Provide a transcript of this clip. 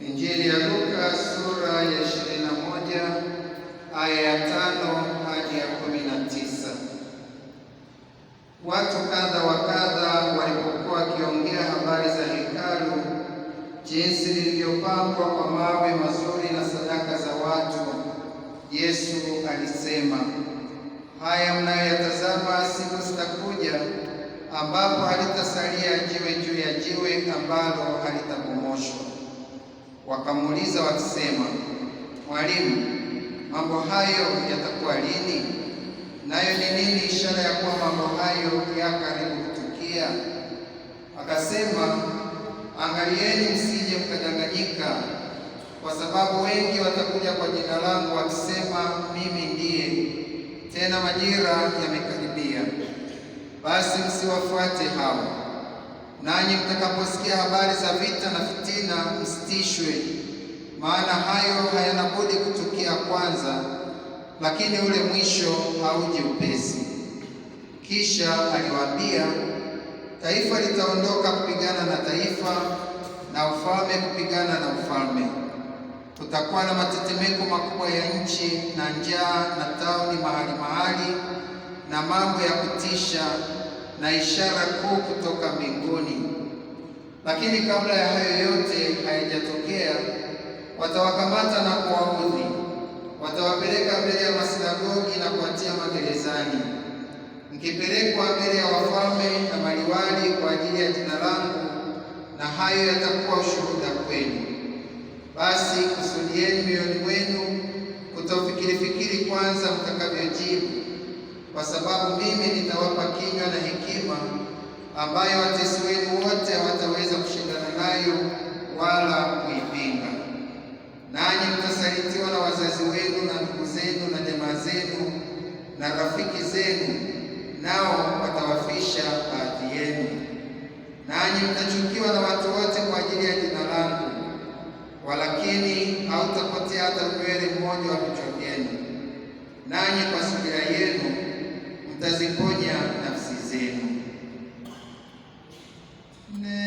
Injili ya Luka sura ya 21 aya ya 5 hadi ya 19. Watu kadha wa kadha walipokuwa wakiongea habari za hekalu, jinsi lilivyopambwa kwa mawe mazuri na sadaka za watu, Yesu alisema, haya mnayoyatazama, siku zitakuja ambapo halitasalia jiwe juu ya jiwe ambalo halita wakamuuliza wakisema, Mwalimu, mambo hayo yatakuwa lini? Nayo ni nini ishara ya kuwa mambo hayo ya karibu kutukia? Akasema, angalieni msije mkadanganyika, kwa sababu wengi watakuja kwa jina langu wakisema, mimi ndiye, tena majira yamekaribia. Basi msiwafuate hao nanyi mtakaposikia habari za vita na fitina, msitishwe, maana hayo hayana budi kutukia kwanza, lakini ule mwisho hauje upesi. Kisha aliwaambia, taifa litaondoka kupigana na taifa na ufalme kupigana na ufalme. Kutakuwa na matetemeko makubwa ya nchi na njaa na tauni mahali mahali na mambo ya kutisha na ishara kuu kutoka mbinguni. Lakini kabla ya hayo yote hayajatokea, watawakamata na kuwaudhi, watawapeleka mbele ya masinagogi na kuwatia magerezani, mkipelekwa mbele ya wafalme na maliwali kwa ajili ya jina langu, na hayo yatakuwa ushuhuda kwenu. Basi kusudieni mioyoni mwenu kutofikirifikiri kwanza mtakavyojibu kwa sababu mimi nitawapa kinywa na hekima ambayo watesi wenu wote hawataweza kushindana nayo wala kuipinga. Nanyi mtasalitiwa na wazazi wenu na ndugu zenu na jamaa zenu na rafiki zenu, nao watawafisha baadhi yenu. Nanyi mtachukiwa na watu wote kwa ajili ya jina langu, walakini hautapotea hata nywele mmoja wa kichwa പിന്നെ